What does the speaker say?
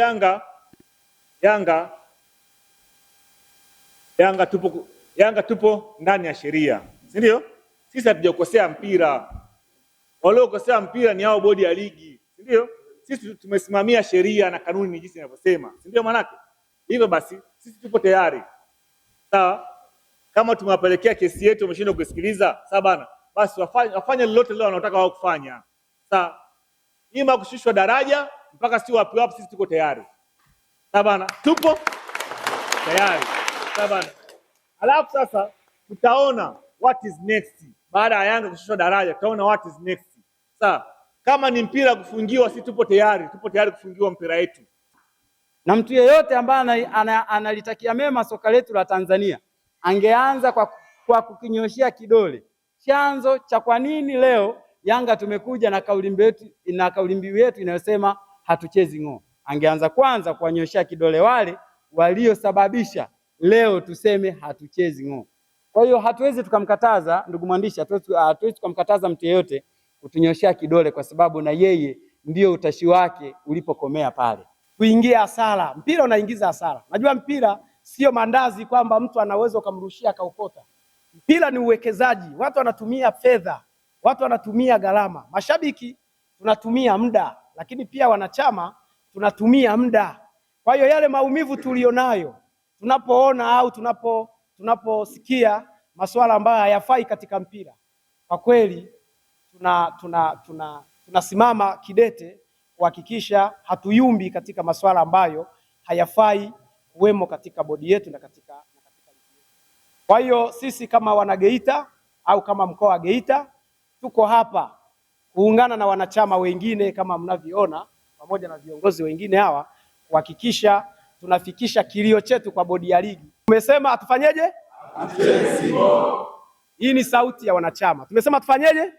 Yanga, Yanga, Yanga tupo, Yanga tupo ndani ya sheria, si ndio? Sisi hatujakosea mpira, waliokosea mpira ni hao bodi ya ligi, si ndio? Sisi tumesimamia sheria na kanuni ni jinsi inavyosema, si ndio? Maanake hivyo basi sisi tupo tayari sawa. Kama tumewapelekea kesi yetu, wameshindwa kusikiliza, sawa bana, basi wafanye lolote leo wanaotaka wao kufanya, sawa ima kushushwa daraja mpaka si wapi wapi, sisi tuko tayari sabana, tupo tayari sabana. Alafu sasa tutaona what is next baada ya Yanga kushushwa daraja, tutaona what is next. Sawa, kama ni mpira kufungiwa, si tupo tayari, tupo tayari kufungiwa mpira wetu. Na mtu yeyote ambaye analitakia mema soka letu la Tanzania angeanza kwa, kwa kukinyoshia kidole chanzo cha kwa nini leo Yanga tumekuja na kauli mbiu yetu, na kauli mbiu yetu inayosema hatuchezi ng'oo. Angeanza kwanza kuwanyoshea kidole wale waliosababisha leo tuseme hatuchezi ng'oo. Kwa hiyo hatuwezi tukamkataza ndugu mwandishi, hatuwezi tukamkataza mtu yeyote kutunyoshea kidole, kwa sababu na yeye ndio utashi wake ulipokomea pale, kuingia hasara. Mpira unaingiza hasara. Najua mpira sio mandazi kwamba mtu anaweza ukamrushia akaokota. Mpira ni uwekezaji, watu wanatumia fedha watu wanatumia gharama, mashabiki tunatumia muda, lakini pia wanachama tunatumia muda. Kwa hiyo yale maumivu tulionayo tunapoona au tunapo tunaposikia masuala ambayo hayafai katika mpira, kwa kweli tunasimama tuna, tuna, tuna kidete kuhakikisha hatuyumbi katika masuala ambayo hayafai kuwemo katika bodi yetu na katika, na katika. Kwa hiyo sisi kama wanageita au kama mkoa wa Geita tuko hapa kuungana na wanachama wengine kama mnavyoona, pamoja na viongozi wengine hawa kuhakikisha tunafikisha kilio chetu kwa bodi ya ligi. Tumesema atufanyeje? Hii ni sauti ya wanachama. Tumesema tufanyeje?